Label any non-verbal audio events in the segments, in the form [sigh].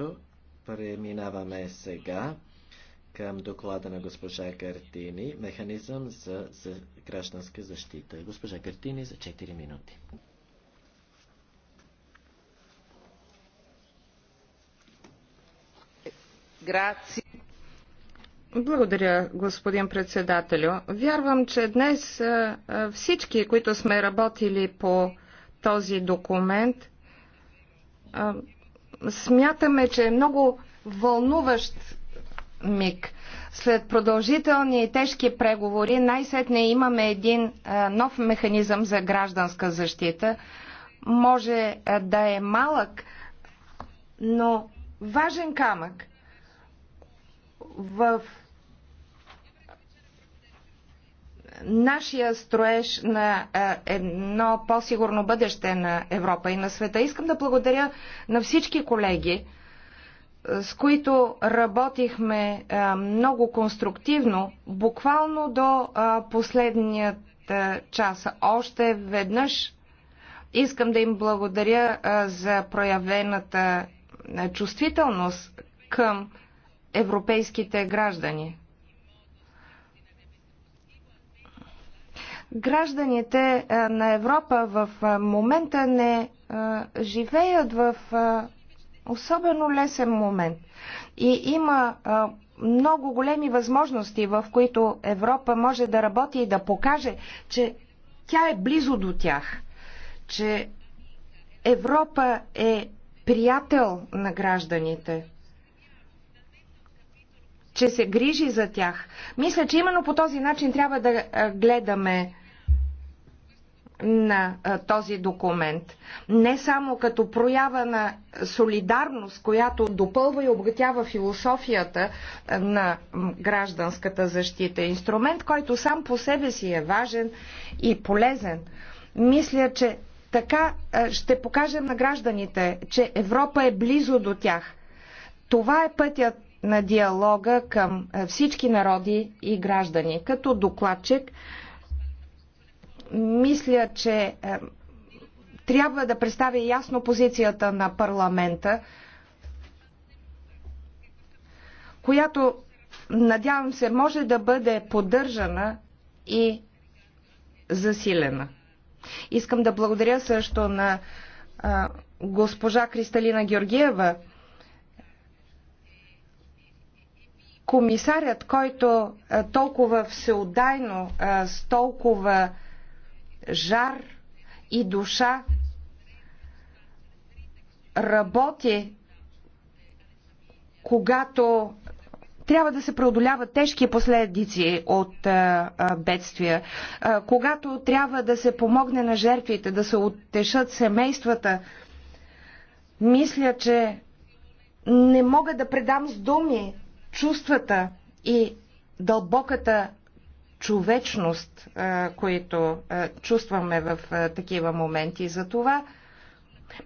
Ето, преминаваме сега към доклада на госпожа Картини Механизъм за, за гражданска защита. Госпожа Картини за 4 минути. Граци. Благодаря, господин председателю. Вярвам, че днес всички, които сме работили по този документ, смятаме, че е много вълнуващ миг. След продължителни и тежки преговори, най-сетне имаме един нов механизъм за гражданска защита. Може да е малък, но важен камък в нашия строеж на едно по-сигурно бъдеще на Европа и на света. Искам да благодаря на всички колеги, с които работихме много конструктивно, буквално до последният час. Още веднъж искам да им благодаря за проявената чувствителност към европейските граждани. Гражданите е, на Европа в е, момента не е, живеят в особено лесен момент. И има много големи възможности, в които Европа може да работи и да покаже, че тя е близо до тях, че Европа е приятел на гражданите, че се грижи за тях. Мисля, че именно по този начин трябва да гледаме на този документ, не само като проява на солидарност, която допълва и обгатява философията на гражданската защита, инструмент, който сам по себе си е важен и полезен. Мисля, че така ще покажем на гражданите, че Европа е близо до тях. Това е пътят на диалога към всички народи и граждани. Като докладчик мисля, че е, трябва да представя ясно позицията на парламента, която, надявам се, може да бъде поддържана и засилена. Искам да благодаря също на е, госпожа Кристалина Георгиева, комисарят, който е, толкова всеотдайно, а, с толкова жар и душа работи, когато трябва да се преодоляват тежки последици от бедствия, когато трябва да се помогне на жертвите, да се оттешат семействата, мисля, че не мога да предам с думи чувствата и дълбоката човечност, които чувстваме в такива моменти. За това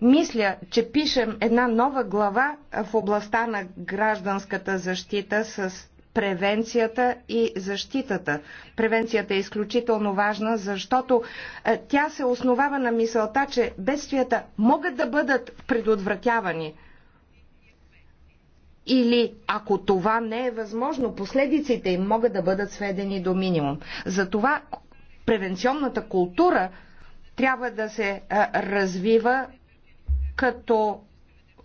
мисля, че пишем една нова глава в областта на гражданската защита с превенцията и защитата. Превенцията е изключително важна, защото тя се основава на мисълта, че бедствията могат да бъдат предотвратявани – или ако това не е възможно, последиците им могат да бъдат сведени до минимум. Затова превенционната култура трябва да се развива като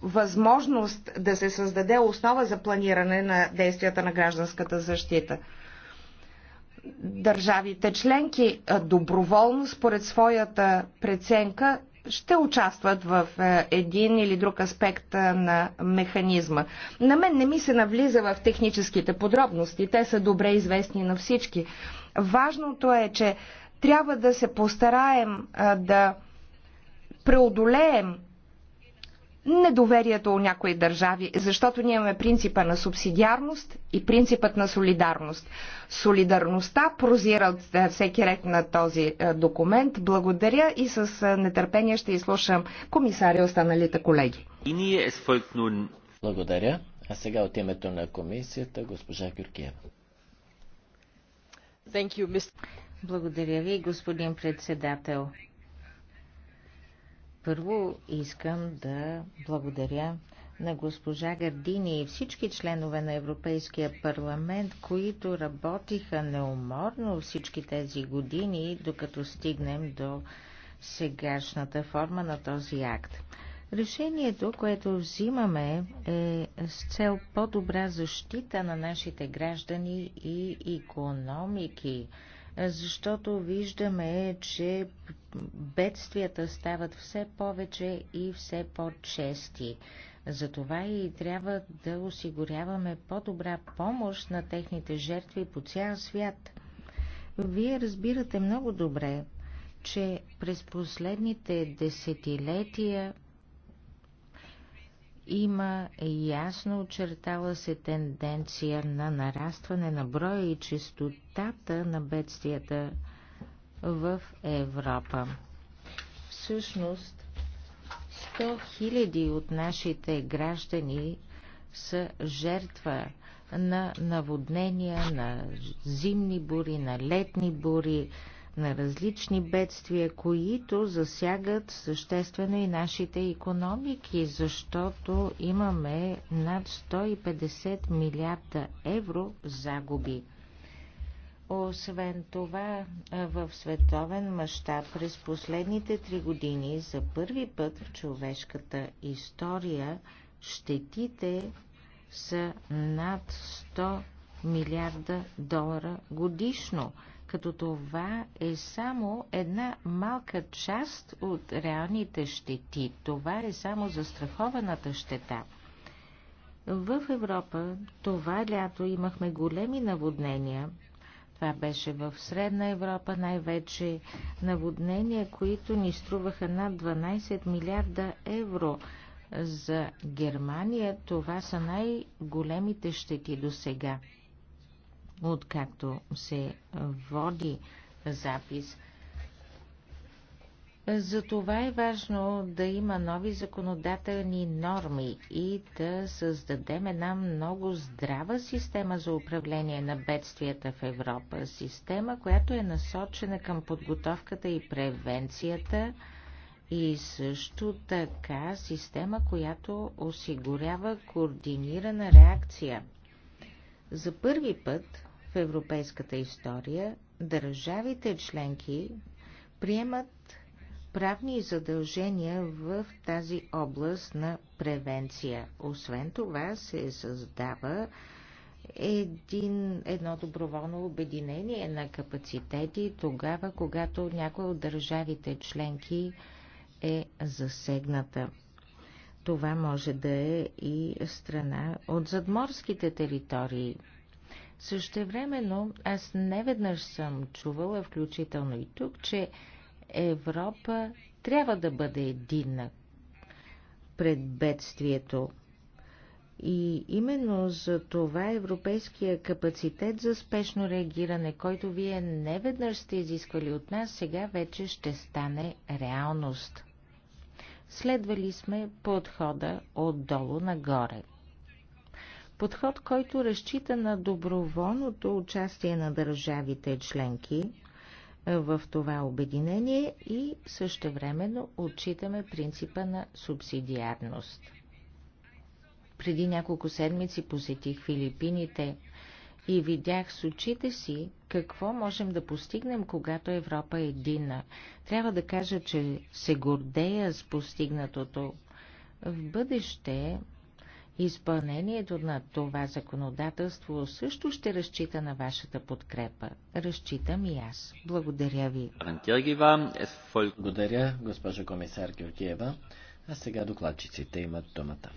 възможност да се създаде основа за планиране на действията на гражданската защита. Държавите членки доброволно, според своята преценка, ще участват в е, един или друг аспект е, на механизма. На мен не ми се навлиза в техническите подробности, те са добре известни на всички. Важното е, че трябва да се постараем е, да преодолеем недоверието у някои държави, защото ние имаме принципа на субсидиарност и принципът на солидарност. Солидарността прозира от е, всеки ред на този е, документ. Благодаря и с е, нетърпение ще изслушам комисаря останалите колеги. Благодаря. А сега от името на комисията госпожа Гюркиева. Благодаря ви, господин председател. Първо искам да благодаря на госпожа Гардини и всички членове на Европейския парламент, които работиха неуморно всички тези години, докато стигнем до сегашната форма на този акт. Решението, което взимаме е с цел по-добра защита на нашите граждани и економики защото виждаме, че бедствията стават все повече и все по-чести. Затова и трябва да осигуряваме по-добра помощ на техните жертви по цял свят. Вие разбирате много добре, че през последните десетилетия има ясно очертала се тенденция на нарастване на броя и чистотата на бедствията в Европа. Всъщност, 100 хиляди от нашите граждани са жертва на наводнения, на зимни бури, на летни бури, на различни бедствия, които засягат съществено и нашите економики, защото имаме над 150 милиарда евро загуби. Освен това, в световен мащаб през последните три години за първи път в човешката история щетите са над 100 милиарда долара годишно – като това е само една малка част от реалните щети. Това е само застрахованата щета. В Европа това лято имахме големи наводнения. Това беше в Средна Европа най-вече наводнения, които ни струваха над 12 милиарда евро. За Германия това са най-големите щети до сега откакто се води запис. Затова е важно да има нови законодателни норми и да създадем една много здрава система за управление на бедствията в Европа. Система, която е насочена към подготовката и превенцията и също така система, която осигурява координирана реакция. За първи път европейската история държавите членки приемат правни задължения в тази област на превенция. Освен това се създава един, едно доброволно обединение на капацитети тогава, когато някоя от държавите членки е засегната. Това може да е и страна от задморските територии. Същевременно аз неведнъж съм чувала, включително и тук, че Европа трябва да бъде единна пред бедствието. И именно за това европейския капацитет за спешно реагиране, който вие неведнъж сте изисквали от нас, сега вече ще стане реалност. Следвали сме подхода отдолу нагоре – Подход, който разчита на доброволното участие на държавите членки е, в това обединение и същевременно отчитаме принципа на субсидиарност. Преди няколко седмици посетих Филипините и видях с очите си какво можем да постигнем, когато Европа е едина. Трябва да кажа, че се гордея с постигнатото. В бъдеще Изпълнението на това законодателство също ще разчита на вашата подкрепа. Разчитам и аз. Благодаря ви. Благодаря, госпожа комисар Георгиева. А сега докладчиците имат думата.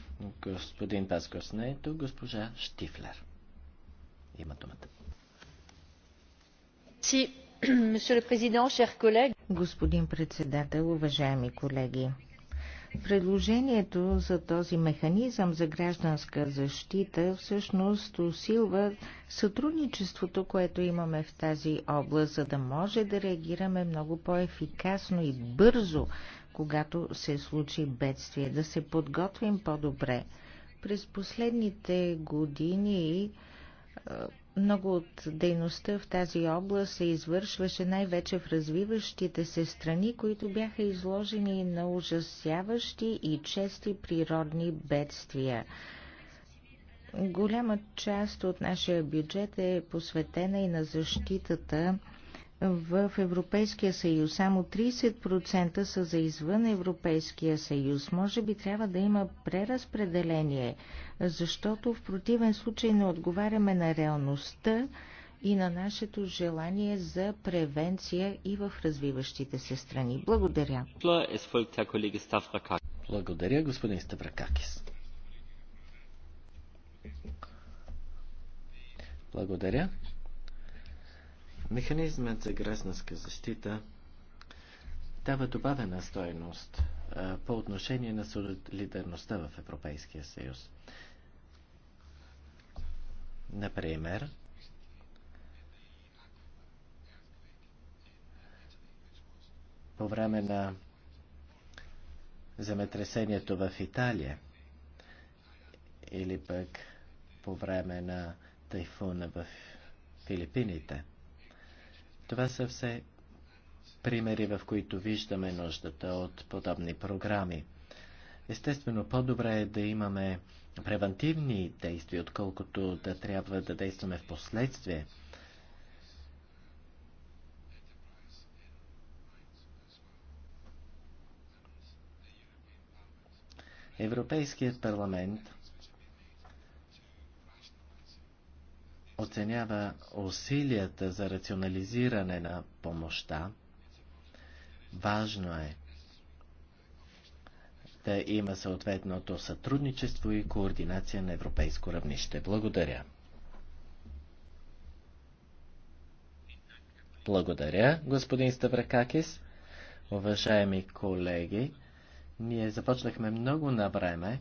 Господин Паскос не е тук, госпожа Штифлер. Има думата. [clears throat] Господин председател, уважаеми колеги, Предложението за този механизъм за гражданска защита всъщност усилва сътрудничеството, което имаме в тази област, за да може да реагираме много по-ефикасно и бързо, когато се случи бедствие, да се подготвим по-добре. През последните години много от дейността в тази област се извършваше най-вече в развиващите се страни, които бяха изложени на ужасяващи и чести природни бедствия. Голяма част от нашия бюджет е посветена и на защитата в Европейския съюз. Само 30% са за извън Европейския съюз. Може би трябва да има преразпределение, защото в противен случай не отговаряме на реалността и на нашето желание за превенция и в развиващите се страни. Благодаря. Благодаря, господин Ставракакис. Благодаря. Механизмът за гражданска защита дава добавена стоеност по отношение на солидарността в Европейския съюз. Например, по време на земетресението в Италия или пък по време на тайфуна в Филипините – това са все примери, в които виждаме нуждата от подобни програми. Естествено, по-добре е да имаме превентивни действия, отколкото да трябва да действаме в последствие. Европейският парламент оценява усилията за рационализиране на помощта. Важно е да има съответното сътрудничество и координация на европейско равнище. Благодаря. Благодаря, господин Ставракакис. Уважаеми колеги, ние започнахме много на време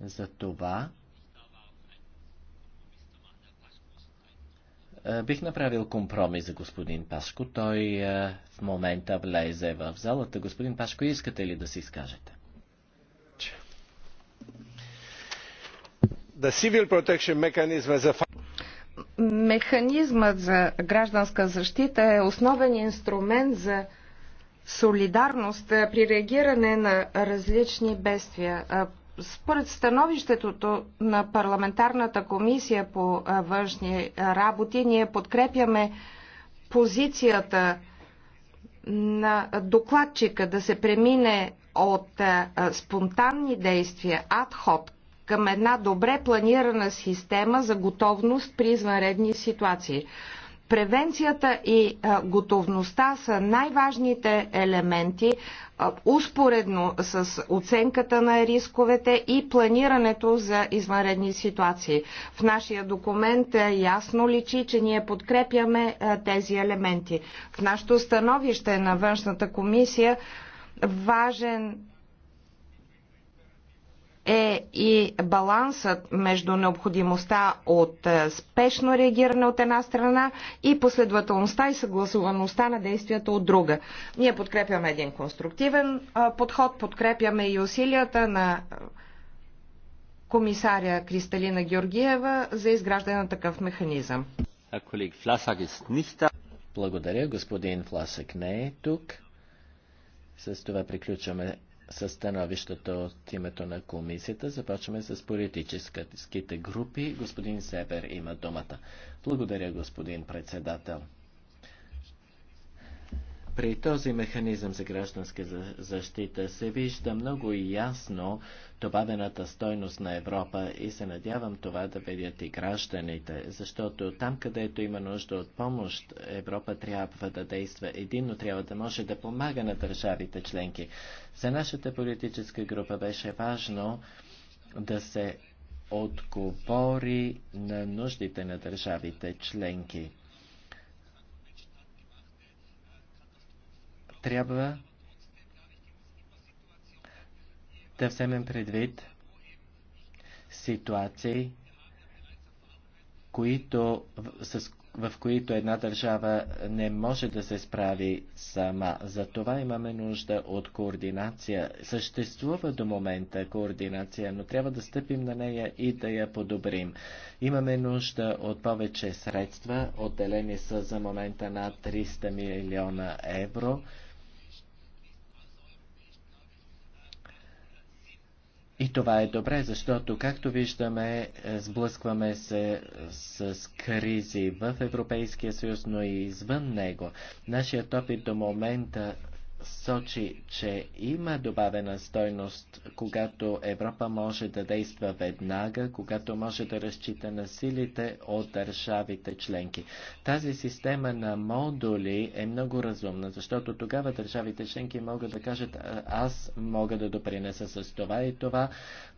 за това, Е, бих направил компромис за господин Пашко. Той е, в момента влезе в залата. Господин Пашко, искате ли да се изкажете? The civil protection mechanism is a Механизмът за гражданска защита е основен инструмент за солидарност е, при реагиране на различни бедствия. Според становището на парламентарната комисия по външни работи, ние подкрепяме позицията на докладчика да се премине от спонтанни действия, адход, към една добре планирана система за готовност при извънредни ситуации. Превенцията и готовността са най-важните елементи успоредно с оценката на рисковете и планирането за извънредни ситуации. В нашия документ е, ясно личи, че ние подкрепяме е, тези елементи. В нашето становище на външната комисия важен е и балансът между необходимостта от е, спешно реагиране от една страна и последователността и съгласуваността на действията от друга. Ние подкрепяме един конструктивен е, подход, подкрепяме и усилията на е, комисаря Кристалина Георгиева за изграждане на такъв механизъм. Благодаря, господин Фласък не е тук. С това приключваме със становището от името на комисията. Започваме с политическите групи. Господин Себер има думата. Благодаря, господин председател. При този механизъм за гражданска защита се вижда много ясно добавената стойност на Европа и се надявам това да видят и гражданите, защото там, където има нужда от помощ, Европа трябва да действа единно, трябва да може да помага на държавите членки. За нашата политическа група беше важно да се отговори на нуждите на държавите членки. трябва да вземем предвид ситуации, които, с, в които една държава не може да се справи сама. Затова имаме нужда от координация. Съществува до момента координация, но трябва да стъпим на нея и да я подобрим. Имаме нужда от повече средства, отделени са за момента на 300 милиона евро. И това е добре, защото, както виждаме, е, сблъскваме се с, кризи в Европейския съюз, но и извън него. Нашият опит до момента сочи, че има добавена стойност, когато Европа може да действа веднага, когато може да разчита на силите от държавите членки. Тази система на модули е много разумна, защото тогава държавите членки могат да кажат, аз мога да допринеса с това и това,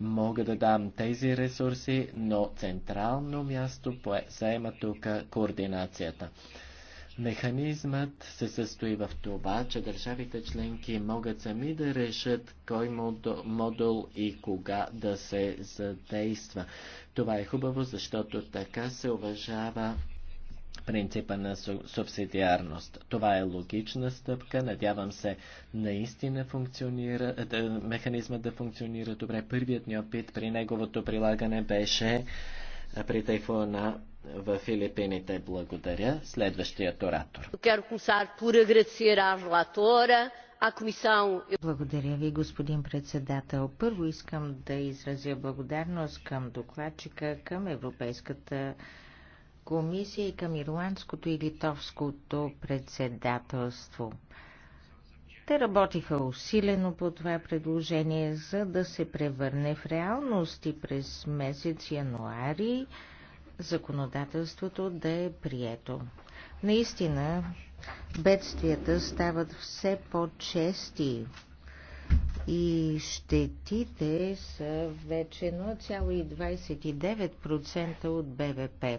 мога да дам тези ресурси, но централно място заема тук координацията. Механизмът се състои в това, че държавите членки могат сами да решат кой модул и кога да се задейства. Това е хубаво, защото така се уважава принципа на субсидиарност. Това е логична стъпка. Надявам се наистина функционира, да, механизма да функционира добре. Първият ни опит при неговото прилагане беше при тайфона в Филипините. Благодаря. Следващият оратор. E Благодаря ви, господин председател. Първо искам да изразя благодарност към докладчика, към Европейската комисия и към ирландското и литовското председателство. Те работиха усилено по това предложение, за да се превърне в реалност и през месец януари законодателството да е прието. Наистина, бедствията стават все по-чести и щетите са вече 0,29% от БВП.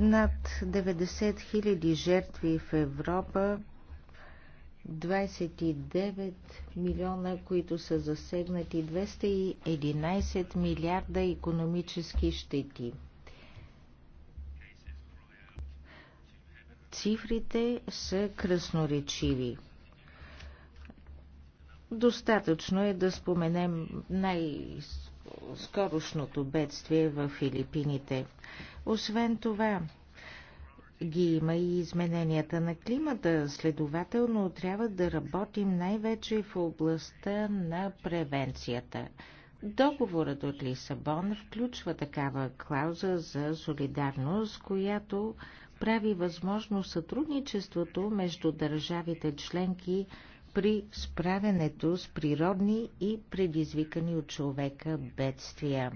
Над 90 000 жертви в Европа 29 милиона, които са засегнати, 211 милиарда економически щети. Цифрите са красноречиви. Достатъчно е да споменем най-скорошното бедствие в Филипините. Освен това, ги има и измененията на климата. Следователно трябва да работим най-вече в областта на превенцията. Договорът от Лисабон включва такава клауза за солидарност, която прави възможно сътрудничеството между държавите членки при справянето с природни и предизвикани от човека бедствия.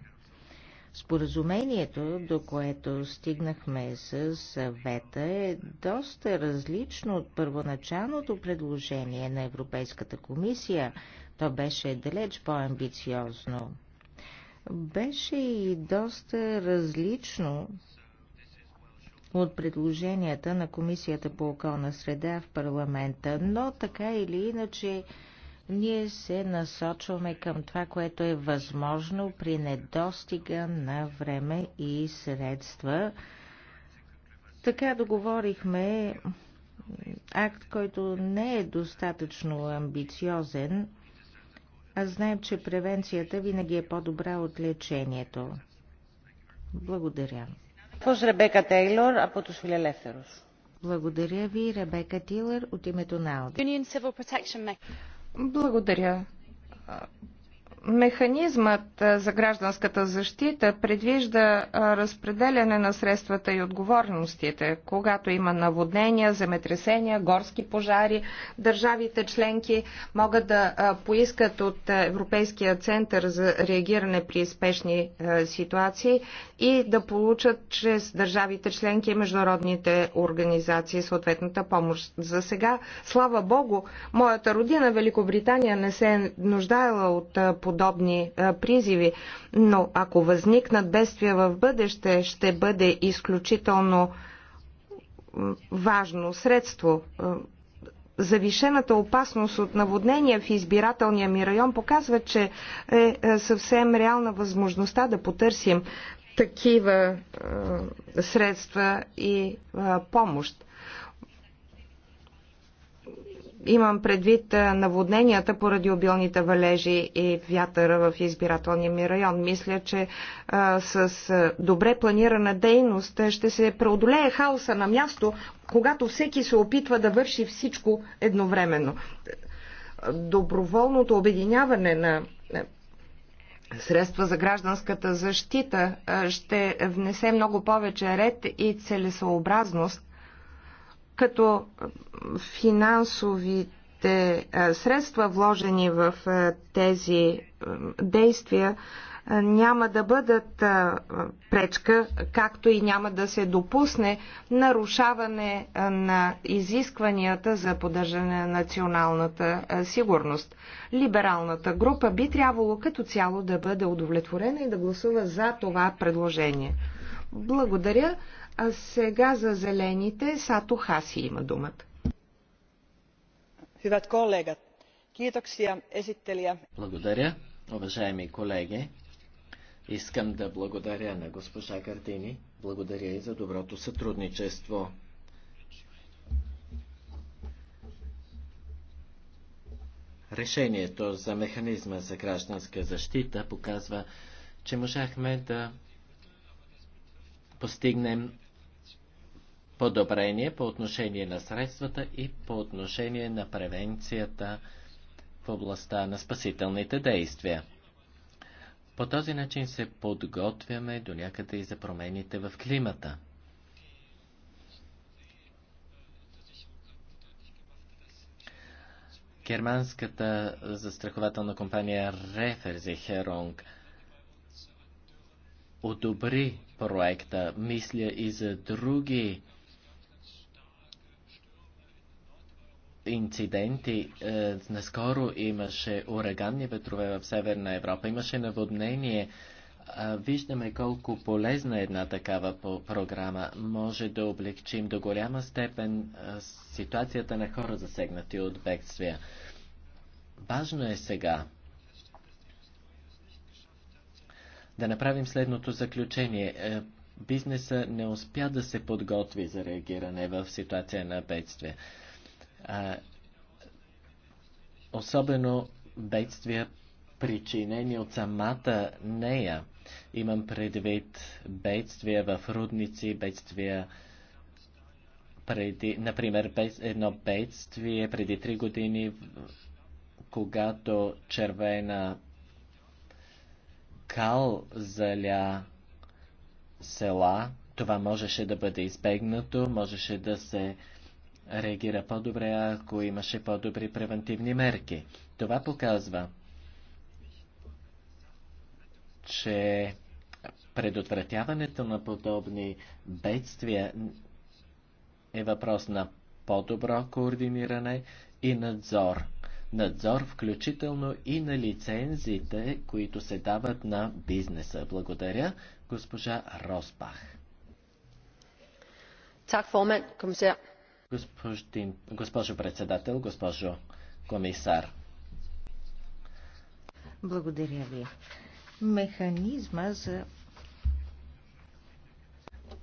Споразумението, до което стигнахме с съвета, е доста различно от първоначалното предложение на Европейската комисия. То беше далеч по-амбициозно. Беше и доста различно от предложенията на Комисията по околна среда в парламента, но така или иначе ние се насочваме към това, което е възможно при недостига на време и средства. Така договорихме акт, който не е достатъчно амбициозен, а знаем, че превенцията винаги е по-добра от лечението. Благодаря. Ребека Тейлор, а по Благодаря ви, Ребека Тилър, от името на Ауди. Благодаря. Механизмът за гражданската защита предвижда разпределяне на средствата и отговорностите, когато има наводнения, земетресения, горски пожари. Държавите членки могат да поискат от Европейския център за реагиране при спешни ситуации и да получат чрез държавите членки и международните организации съответната помощ. За сега, слава Богу, моята родина Великобритания не се е нуждаела от помощ подобни призиви, но ако възникнат бедствия в бъдеще, ще бъде изключително важно средство. Завишената опасност от наводнения в избирателния ми район показва, че е, е съвсем реална възможността да потърсим такива средства и помощ. Имам предвид наводненията поради обилните валежи и вятъра в избирателния ми район. Мисля, че а, с добре планирана дейност ще се преодолее хаоса на място, когато всеки се опитва да върши всичко едновременно. Доброволното обединяване на средства за гражданската защита ще внесе много повече ред и целесообразност като финансовите средства, вложени в тези действия, няма да бъдат пречка, както и няма да се допусне нарушаване на изискванията за поддържане на националната сигурност. Либералната група би трябвало като цяло да бъде удовлетворена и да гласува за това предложение. Благодаря. А сега за зелените Сато Хаси има думата. Hyvät kollegat, kiitoksia esittelijä. Благодаря, уважаеми колеги. Искам да благодаря на госпожа Картини. Благодаря и за доброто сътрудничество. Решението за механизма за гражданска защита показва, че можахме да постигнем подобрение по отношение на средствата и по отношение на превенцията в областта на спасителните действия. По този начин се подготвяме до някъде и за промените в климата. Германската застрахователна компания Реферзехеронг одобри проекта. Мисля и за други инциденти. Е, наскоро имаше ураганни ветрове в Северна Европа, имаше наводнение. Е, виждаме колко полезна е една такава по програма може да облегчим до голяма степен е, ситуацията на хора засегнати от бедствия. Важно е сега да направим следното заключение. Е, бизнеса не успя да се подготви за реагиране в ситуация на бедствие. Особено бедствия, причинени от самата нея. Имам предвид бедствия в рудници, бедствия преди, например, едно бедствие преди три години, когато червена кал заля села. Това можеше да бъде избегнато, можеше да се реагира по-добре, ако имаше по-добри превентивни мерки. Това показва, че предотвратяването на подобни бедствия е въпрос на по-добро координиране и надзор надзор, включително и на лицензите, които се дават на бизнеса. Благодаря, госпожа Росбах. Так, формен, комисар. Господин, госпожо председател, госпожо комисар. Благодаря ви. Механизма за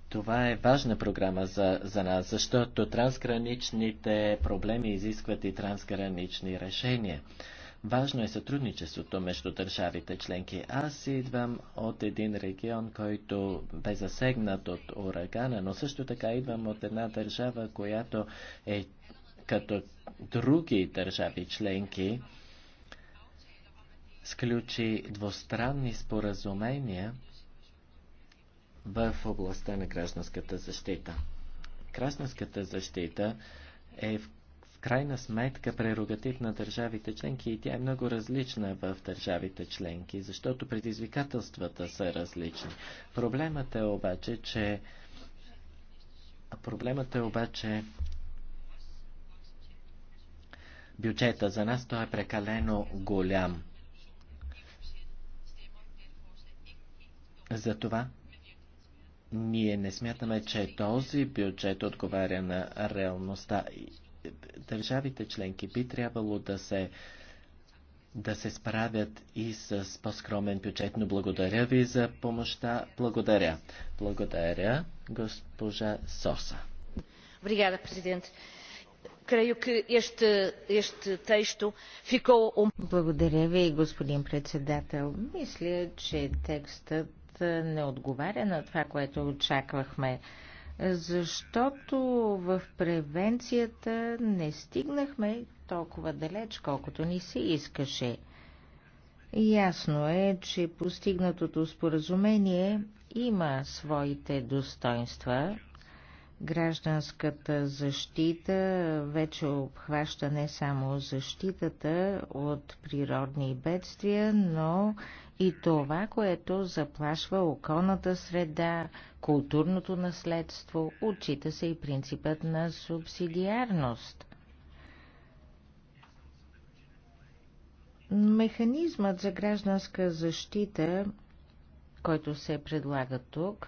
това е важна програма за, за нас, защото трансграничните проблеми изискват и трансгранични решения. Важно е сътрудничеството между държавите членки. Аз идвам от един регион, който бе засегнат от урагана, но също така идвам от една държава, която е като други държави членки, сключи двустранни споразумения в областта на гражданската защита. Гражданската защита е в крайна сметка прерогатив на държавите членки и тя е много различна в държавите членки, защото предизвикателствата са различни. Проблемът е обаче, че Проблемът е обаче бюджета. За нас той е прекалено голям. За това. Ние не смятаме, че този бюджет отговаря на реалността. Е, държавите членки би трябвало да се да се справят и с по-скромен бюджет, но благодаря ви за помощта. Благодаря. Благодаря, госпожа Соса. Бригада, президент. Creio que este, este texto um- Благодаря ви, господин председател. Мисля, че текстът не отговаря на това, което очаквахме, защото в превенцията не стигнахме толкова далеч, колкото ни се искаше. Ясно е, че постигнатото споразумение има своите достоинства, Гражданската защита вече обхваща не само защитата от природни бедствия, но и това, което заплашва околната среда, културното наследство, отчита се и принципът на субсидиарност. Механизмът за гражданска защита, който се предлага тук,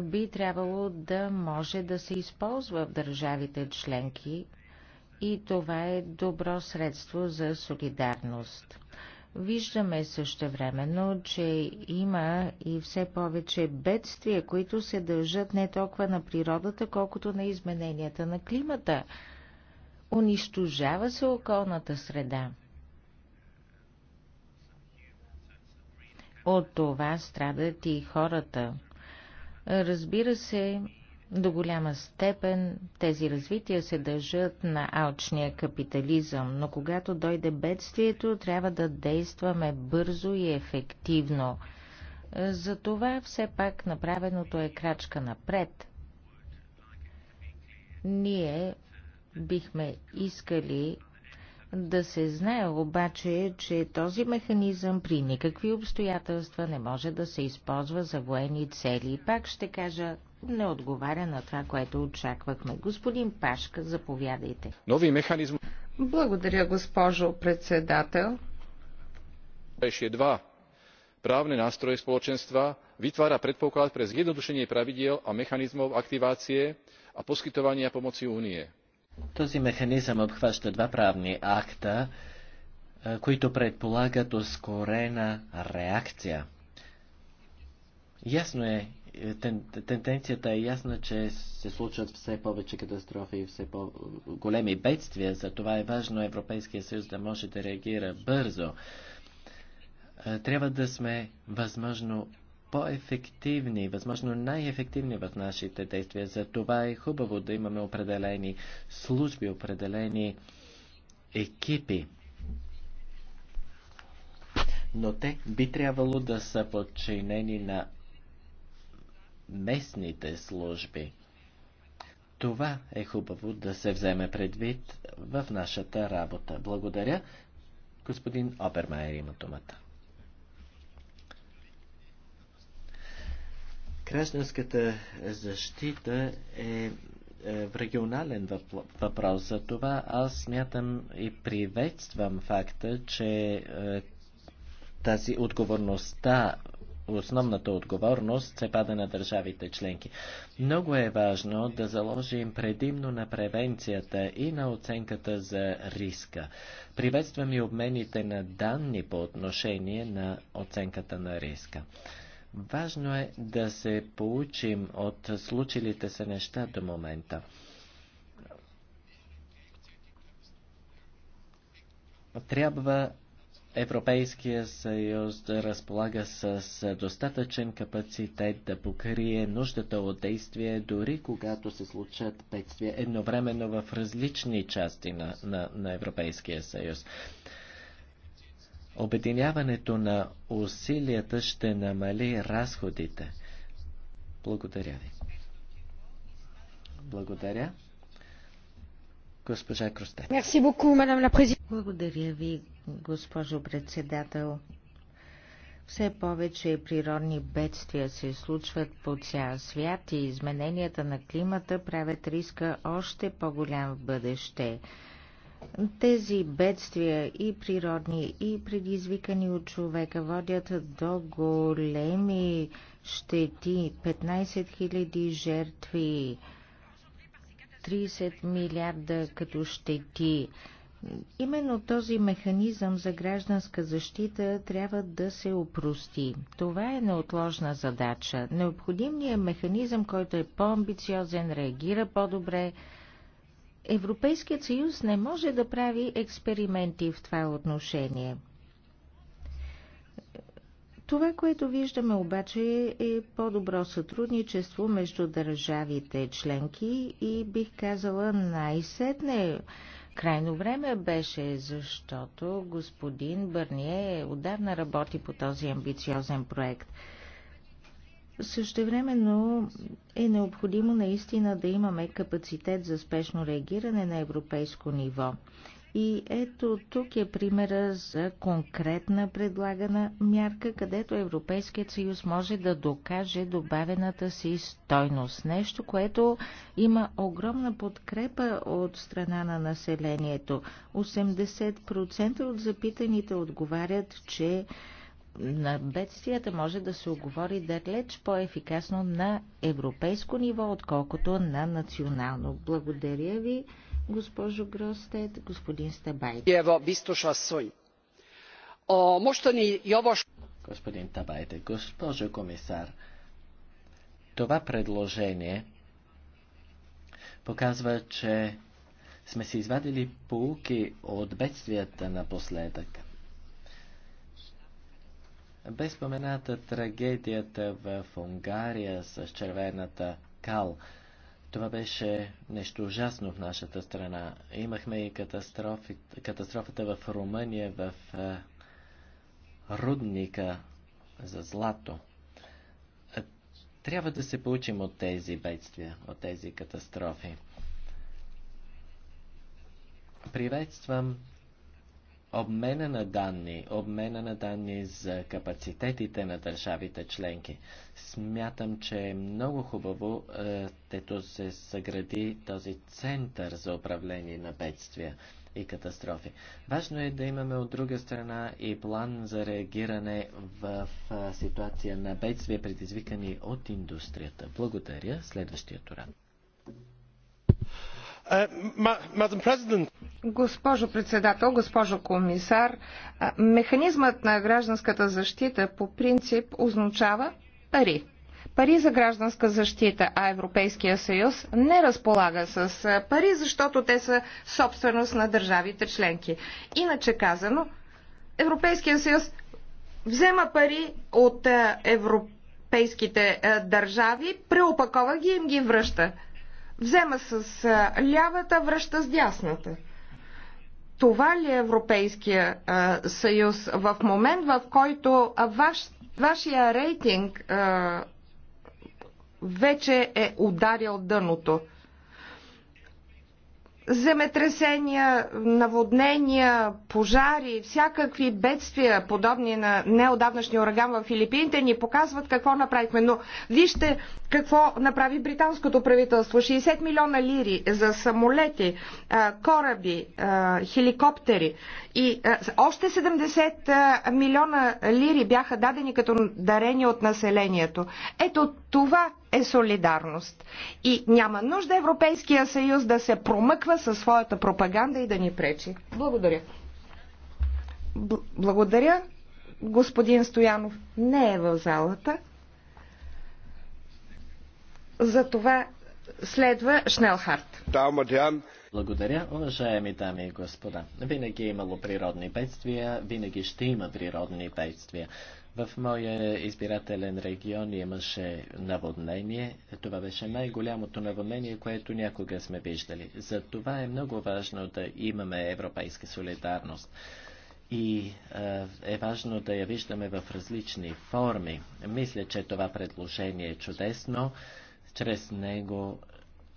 би трябвало да може да се използва в държавите членки и това е добро средство за солидарност. Виждаме същевременно, че има и все повече бедствия, които се дължат не толкова на природата, колкото на измененията на климата. Унищожава се околната среда. От това страдат и хората – Разбира се, до голяма степен тези развития се дължат на алчния капитализъм, но когато дойде бедствието, трябва да действаме бързо и ефективно. Затова все пак направеното е крачка напред. Ние бихме искали да се знае обаче, че този механизъм при никакви обстоятелства не може да се използва за военни цели. И пак ще кажа, не отговаря на това, което очаквахме. Господин Пашка, заповядайте. Нови механизъм. Благодаря, госпожо председател. Беше два. Правни настрои spoločenstva витвара предпоклад pre zjednodušenie правидел a mechanizmov aktivácie a poskytovania pomoci únie. Този механизъм обхваща два правни акта, които предполагат ускорена реакция. Ясно е, е, тен, тенденцията е ясна, че се случват все повече катастрофи и все по-големи бедствия, затова е важно Европейския съюз да може да реагира бързо. Трябва да сме възможно по-ефективни, възможно най-ефективни в нашите действия. За това е хубаво да имаме определени служби, определени екипи. Но те би трябвало да са подчинени на местните служби. Това е хубаво да се вземе предвид в нашата работа. Благодаря. Господин Обермайер има думата. Гражданската защита е, е в регионален въпрос. За това аз смятам и приветствам факта, че е, тази отговорността, основната отговорност се пада на държавите членки. Много е важно да заложим предимно на превенцията и на оценката за риска. Приветствам и обмените на данни по отношение на оценката на риска. Важно е да се получим от случилите се неща до момента. Трябва Европейския съюз да разполага с достатъчен капацитет да покрие нуждата от действие, дори когато се случат бедствия едновременно в различни части на, на, на Европейския съюз. Обединяването на усилията ще намали разходите. Благодаря ви. Благодаря. Госпожа Кросте. Благодаря ви, госпожо председател. Все повече природни бедствия се случват по цял свят и измененията на климата правят риска още по-голям в бъдеще. Тези бедствия и природни, и предизвикани от човека водят до големи щети. 15 000 жертви, 30 милиарда като щети. Именно този механизъм за гражданска защита трябва да се опрости. Това е неотложна задача. Необходимният механизъм, който е по-амбициозен, реагира по-добре, Европейският съюз не може да прави експерименти в това отношение. Това, което виждаме обаче е по-добро сътрудничество между държавите членки и бих казала най-сетне. Крайно време беше, защото господин Бърние отдавна работи по този амбициозен проект. Същевременно е необходимо наистина да имаме капацитет за спешно реагиране на европейско ниво. И ето тук е примера за конкретна предлагана мярка, където Европейският съюз може да докаже добавената си стойност. Нещо, което има огромна подкрепа от страна на населението. 80% от запитаните отговарят, че на бедствията може да се оговори далеч по-ефикасно на европейско ниво, отколкото на национално. Благодаря ви, госпожо Гростет, господин Стабай. Господин Табайте, госпожо комисар, това предложение показва, че сме се извадили поуки от бедствията напоследък. Без спомената трагедията в Унгария с червената кал. Това беше нещо ужасно в нашата страна. Имахме и катастрофата в Румъния, в е, рудника за злато. Е, трябва да се получим от тези бедствия, от тези катастрофи. Приветствам обмена на данни, обмена на данни за капацитетите на държавите членки. Смятам, че е много хубаво, е, тето се съгради този център за управление на бедствия и катастрофи. Важно е да имаме от друга страна и план за реагиране в е, ситуация на бедствия, предизвикани от индустрията. Благодаря. Следващия уран. Uh, госпожо председател, госпожо комисар, механизмът на гражданската защита по принцип означава пари. Пари за гражданска защита, а Европейския съюз не разполага с пари, защото те са собственост на държавите членки. Иначе казано, Европейския съюз взема пари от европейските държави, преопакова ги и им ги връща. Взема с лявата, връща с дясната. Това ли е Европейския съюз в момент, в който ваш, вашия рейтинг вече е ударил дъното? земетресения, наводнения, пожари, всякакви бедствия, подобни на неодавнашния ураган в Филипините, ни показват какво направихме. Но вижте какво направи британското правителство. 60 милиона лири за самолети, кораби, хеликоптери. И а, още 70 милиона лири бяха дадени като дарение от населението. Ето това е солидарност. И няма нужда Европейския съюз да се промъква със своята пропаганда и да ни пречи. Благодаря. Б- благодаря. Господин Стоянов не е в залата. Затова следва Шнелхарт. Дами и благодаря, уважаеми дами и господа. Винаги е имало природни бедствия, винаги ще има природни бедствия. В моя избирателен регион имаше наводнение. Това беше най-голямото наводнение, което някога сме виждали. За това е много важно да имаме европейска солидарност. И е важно да я виждаме в различни форми. Мисля, че това предложение е чудесно. Чрез него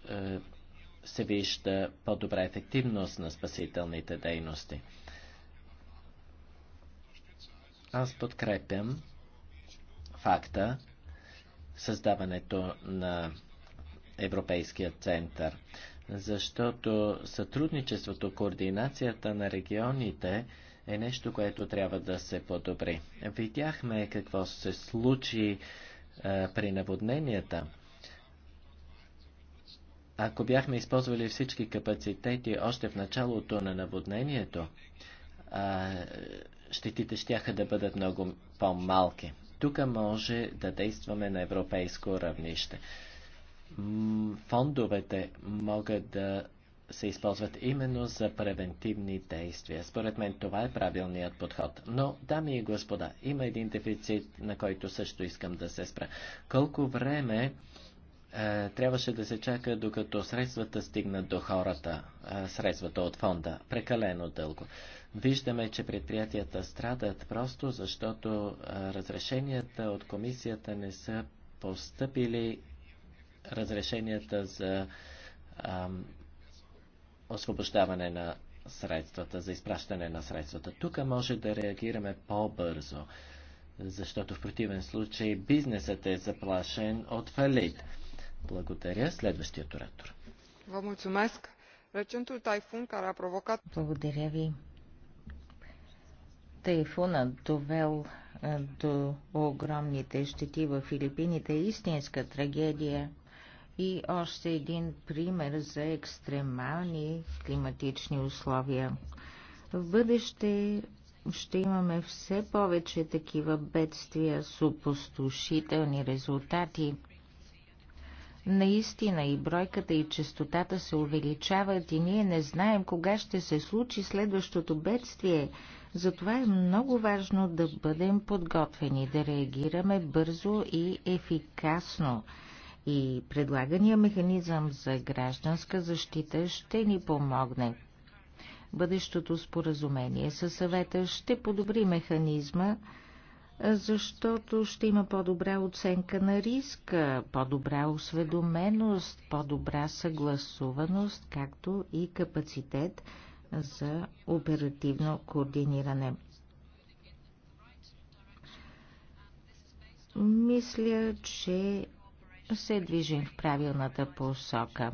е, се вижда по-добра ефективност на спасителните дейности. Аз подкрепям факта създаването на Европейския център, защото сътрудничеството, координацията на регионите е нещо, което трябва да се подобри. Видяхме какво се случи е, при наводненията. Ако бяхме използвали всички капацитети още в началото на наводнението, а, щетите щяха да бъдат много по-малки. Тук може да действаме на европейско равнище. Фондовете могат да се използват именно за превентивни действия. Според мен това е правилният подход. Но, дами и господа, има един дефицит, на който също искам да се спра. Колко време е, трябваше да се чака докато средствата стигнат до хората, е, средствата от фонда. Прекалено дълго. Виждаме, че предприятията страдат просто защото е, разрешенията от комисията не са постъпили разрешенията за ам, освобождаване на средствата, за изпращане на средствата. Тук може да реагираме по-бързо, защото в противен случай бизнесът е заплашен от фалит. Благодаря. Следващият оратор. Благодаря ви. Тайфунът довел до огромните щети в Филипините истинска трагедия и още един пример за екстремални климатични условия. В бъдеще ще имаме все повече такива бедствия с опустошителни резултати. Наистина и бройката и частотата се увеличават и ние не знаем кога ще се случи следващото бедствие. Затова е много важно да бъдем подготвени, да реагираме бързо и ефикасно. И предлагания механизъм за гражданска защита ще ни помогне. Бъдещото споразумение със съвета ще подобри механизма, защото ще има по-добра оценка на риска, по-добра осведоменост, по-добра съгласуваност, както и капацитет за оперативно координиране. Мисля, че се движим в правилната посока.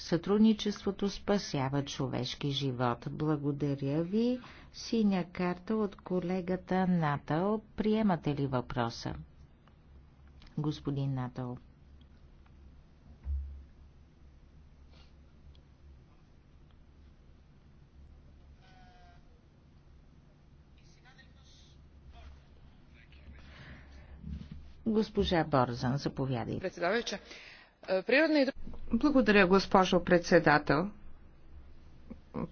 Сътрудничеството спасява човешки живот. Благодаря ви. Синя карта от колегата Натал. Приемате ли въпроса? Господин Натал. Госпожа Борзан, заповядайте. Е, и природни благодаря, госпожо председател.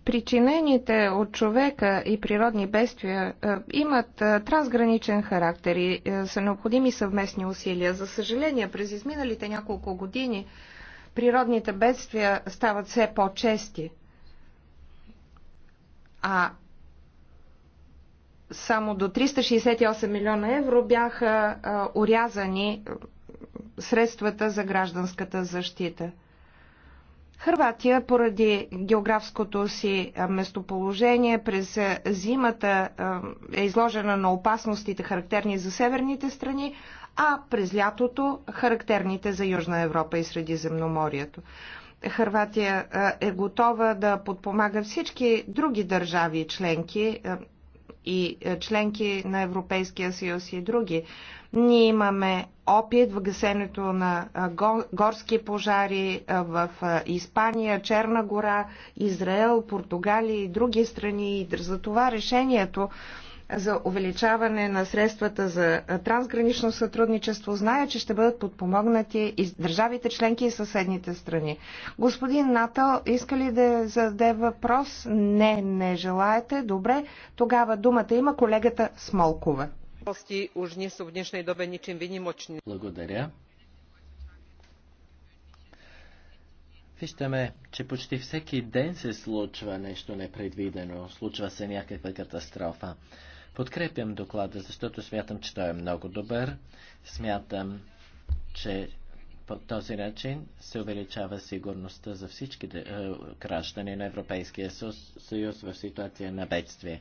Причинените от човека и природни бедствия е, имат е, трансграничен характер и е, са необходими съвместни усилия. За съжаление, през изминалите няколко години природните бедствия стават все по-чести. А само до 368 милиона евро бяха урязани средствата за гражданската защита. Хрватия поради географското си местоположение през зимата е изложена на опасностите характерни за северните страни, а през лятото характерните за Южна Европа и Средиземноморието. Хрватия е готова да подпомага всички други държави членки и е, членки на Европейския съюз и други. Ние имаме опит в гасенето на е, горски пожари е, в Испания, Черна гора, Израел, Португалия и други страни. И за това решението за увеличаване на средствата за трансгранично сътрудничество. Зная, че ще бъдат подпомогнати и държавите членки и съседните страни. Господин Натал, иска ли да зададе въпрос? Не, не желаете. Добре, тогава думата има колегата Смолкова. Благодаря. Виждаме, че почти всеки ден се случва нещо непредвидено, случва се някаква катастрофа. Подкрепям доклада, защото смятам, че той е много добър. Смятам, че по този начин се увеличава сигурността за всички е, граждани на Европейския съюз в ситуация на бедствие.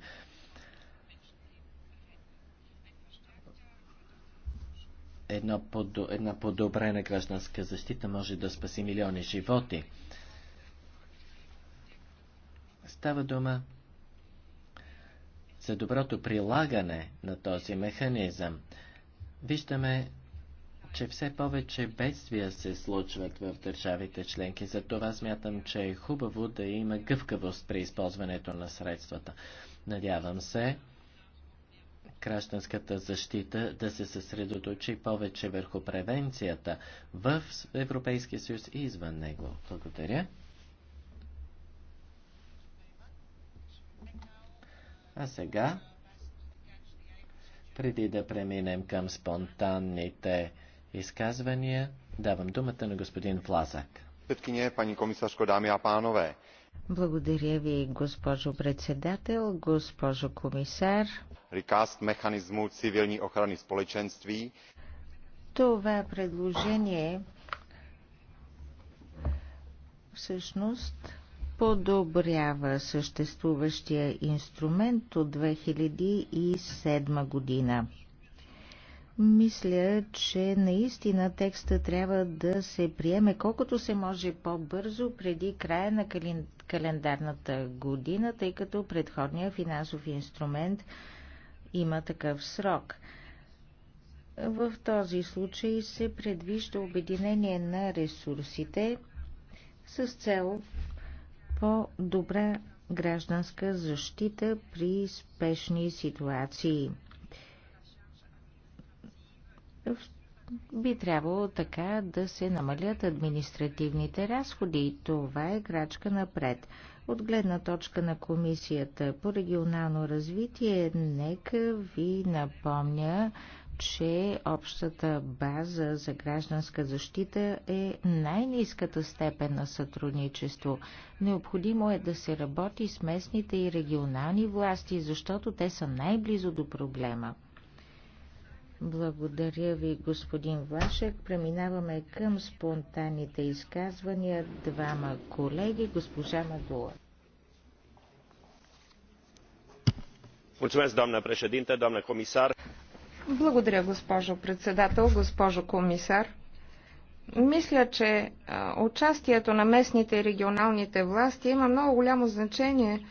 Едно под, една подобрена гражданска защита може да спаси милиони животи. Става дума за доброто прилагане на този механизъм. Виждаме, че все повече бедствия се случват в държавите членки. Затова смятам, че е хубаво да има гъвкавост при използването на средствата. Надявам се, гражданската защита да се съсредоточи повече върху превенцията в Европейския съюз и извън него. Благодаря. А сега, преди да преминем към спонтанните изказвания, давам думата на господин Влазак. Пани комисарко, дами и панове. Благодаря ви, госпожо председател, госпожо комисар. Рекаст механизму цивилни охрани сполеченстви. Това предложение всъщност подобрява съществуващия инструмент от 2007 година. Мисля, че наистина текста трябва да се приеме колкото се може по-бързо преди края на кален... календарната година, тъй като предходният финансов инструмент има такъв срок. В този случай се предвижда обединение на ресурсите с цел по-добра гражданска защита при спешни ситуации. Би трябвало така да се намалят административните разходи. Това е крачка напред. От гледна точка на Комисията по регионално развитие, нека ви напомня, че общата база за гражданска защита е най-низката степен на сътрудничество. Необходимо е да се работи с местните и регионални власти, защото те са най-близо до проблема. Благодаря ви, господин Влашек. Преминаваме към спонтанните изказвания. Двама колеги, госпожа Магула. Mulțumesc, doamnă președinte, doamnă comisar. Благодаря, госпожо председател, госпожо комисар. Мисля, че участието на местните и регионалните власти има много голямо значение,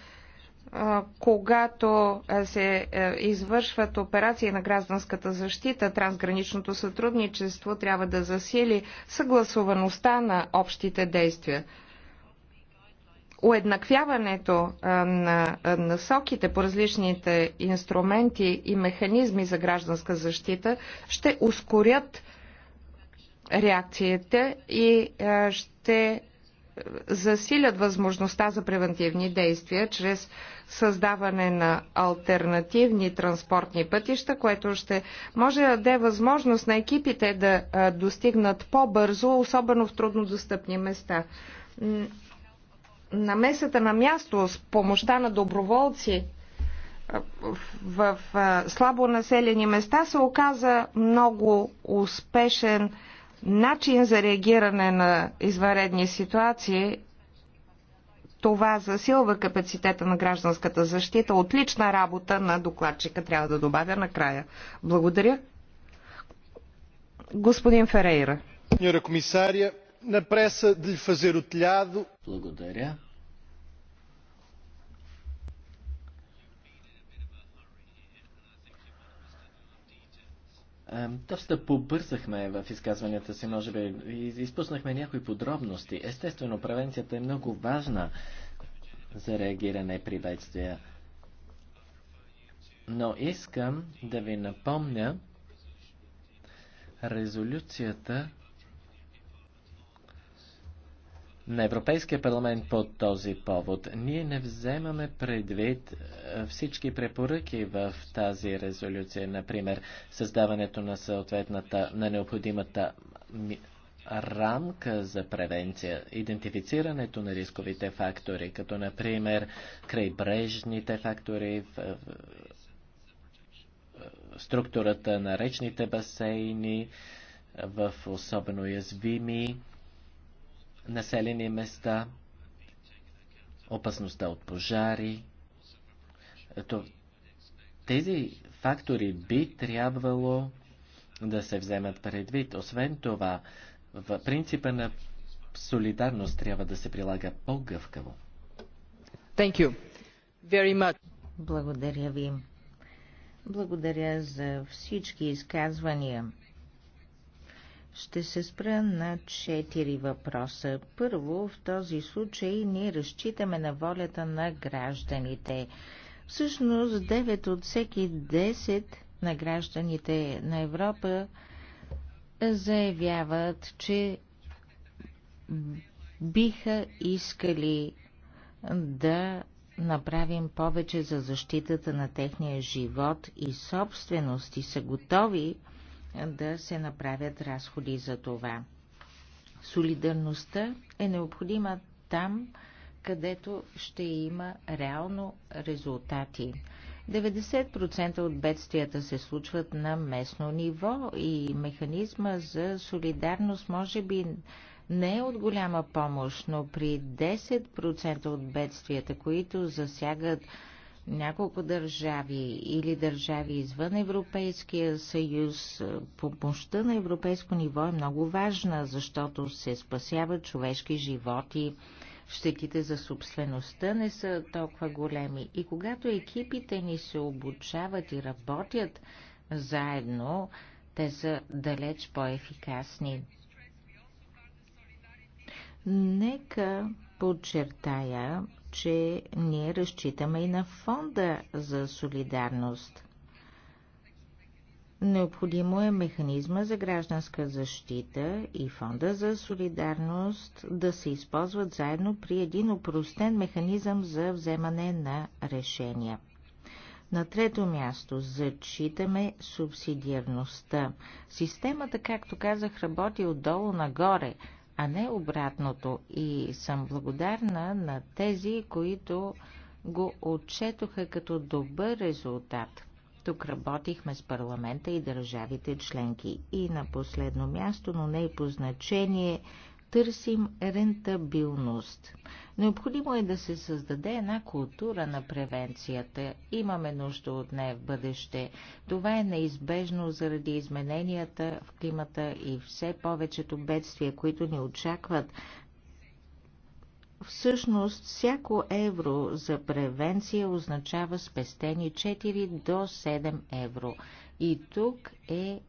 когато се извършват операции на гражданската защита. Трансграничното сътрудничество трябва да засили съгласуваността на общите действия уеднаквяването на насоките по различните инструменти и механизми за гражданска защита ще ускорят реакцията и ще засилят възможността за превентивни действия чрез създаване на альтернативни транспортни пътища, което ще може да даде възможност на екипите да достигнат по-бързо, особено в труднодостъпни места намесата на място с помощта на доброволци в слабо населени места се оказа много успешен начин за реагиране на извънредни ситуации. Това засилва капацитета на гражданската защита. Отлична работа на докладчика, трябва да добавя накрая. Благодаря. Господин Ферейра. Благодаря. Е, доста побързахме в изказванията си, може би, и изпуснахме някои подробности. Естествено, превенцията е много важна за реагиране при бедствия. Но искам да ви напомня резолюцията на Европейския парламент по този повод. Ние не вземаме предвид е, всички препоръки в тази резолюция, например създаването на съответната, на необходимата рамка за превенция, идентифицирането на рисковите фактори, като например крайбрежните фактори, в структурата на речните басейни, в особено язвими населени места, опасността от пожари. То, тези фактори би трябвало да се вземат предвид. Освен това, в принципа на солидарност трябва да се прилага по-гъвкаво. Благодаря ви. Благодаря за всички изказвания. Ще се спра на четири въпроса. Първо, в този случай ние разчитаме на волята на гражданите. Всъщност, 9 от всеки 10 на гражданите на Европа заявяват, че биха искали да направим повече за защитата на техния живот и собственост и са готови да се направят разходи за това. Солидарността е необходима там, където ще има реално резултати. 90% от бедствията се случват на местно ниво и механизма за солидарност може би не е от голяма помощ, но при 10% от бедствията, които засягат няколко държави или държави извън Европейския съюз, е, помощта на европейско ниво е много важна, защото се спасяват човешки животи, щетите за собствеността не са толкова големи. И когато екипите ни се обучават и работят заедно, те са далеч по-ефикасни. Нека подчертая, че ние разчитаме и на фонда за солидарност. Необходимо е механизма за гражданска защита и фонда за солидарност да се използват заедно при един упростен механизъм за вземане на решения. На трето място зачитаме субсидиарността. Системата, както казах, работи отдолу нагоре, а не обратното. И съм благодарна на тези, които го отчетоха като добър резултат. Тук работихме с парламента и държавите членки. И на последно място, но не и по значение, търсим рентабилност. Необходимо е да се създаде една култура на превенцията. Имаме нужда от нея в бъдеще. Това е неизбежно заради измененията в климата и все повечето бедствия, които ни очакват. Всъщност, всяко евро за превенция означава спестени 4 до 7 евро. И тук е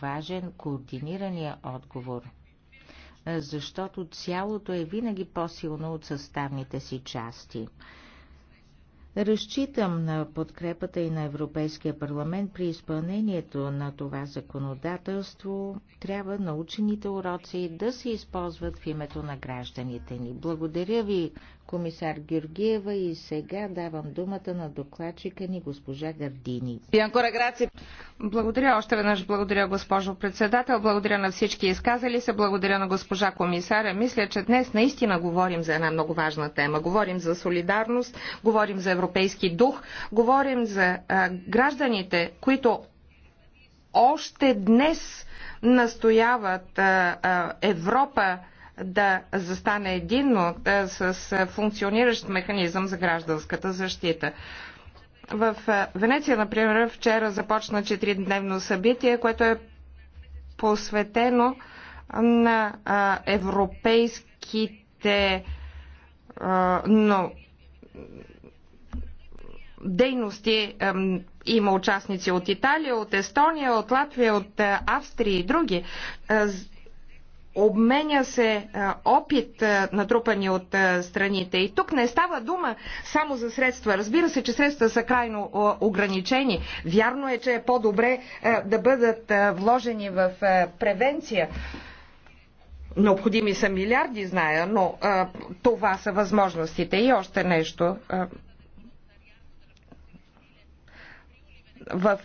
важен координирания отговор защото цялото е винаги по-силно от съставните си части. Разчитам на подкрепата и на Европейския парламент при изпълнението на това законодателство. Трябва научените уроци да се използват в името на гражданите ни. Благодаря ви, комисар Георгиева и сега давам думата на докладчика ни госпожа Гардини. Благодаря още веднъж, благодаря госпожо председател, благодаря на всички изказали се, благодаря на госпожа комисаря. Мисля, че днес наистина говорим за една много важна тема. Говорим за солидарност, говорим за европейски дух, говорим за а, гражданите, които още днес настояват а, а, Европа да застане единно е, е, с функциониращ механизъм за гражданската защита. В е, Венеция, например, вчера започна 4-дневно събитие, което е посветено на европейските но дейности има участници от Италия, от Естония, от Латвия, от Австрия и други. Обменя се опит, натрупани от страните. И тук не става дума само за средства. Разбира се, че средства са крайно ограничени. Вярно е, че е по-добре да бъдат вложени в превенция. Необходими са милиарди, зная, но а, това са възможностите. И още нещо. А, в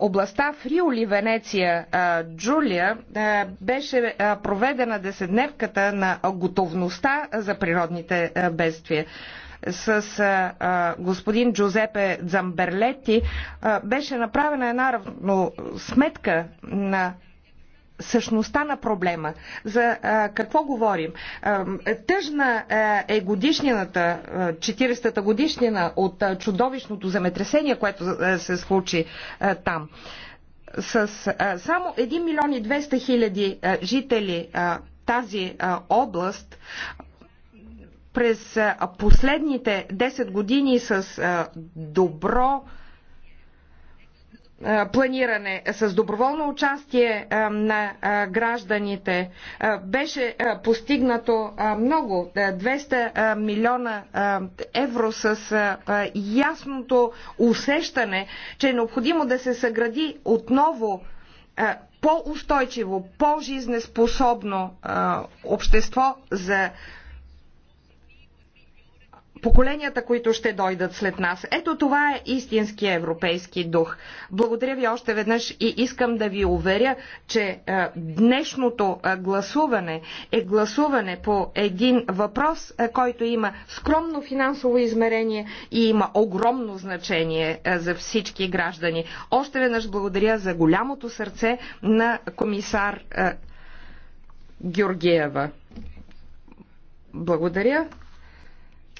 областта в Риоли, Венеция, Джулия беше проведена деседневката на готовността за природните бедствия с а, господин Джузепе Дзамберлети а, беше направена една равносметка на същността на проблема. За а, какво говорим? А, тъжна а, е годишнината, 40-та годишнина от а, чудовищното земетресение, което а, се случи а, там. С а, само 1 милион и 200 хиляди жители а, тази а, област през а, последните 10 години с а, добро а, планиране с доброволно участие на гражданите беше постигнато много 200 е, милиона евро с ясното усещане, че е необходимо да се съгради отново по-устойчиво, по-жизнеспособно общество за поколенията, които ще дойдат след нас. Ето това е истински европейски дух. Благодаря ви още веднъж и искам да ви уверя, че е, днешното е, гласуване е гласуване по един въпрос, е, който има скромно финансово измерение и има огромно значение за всички граждани. Още веднъж благодаря за голямото сърце на комисар Георгиева. Благодаря.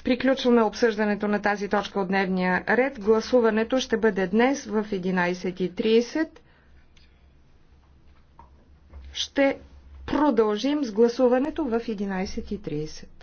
Приключваме обсъждането на тази точка от дневния ред. Гласуването ще бъде днес в 11.30. Ще продължим с гласуването в 11.30.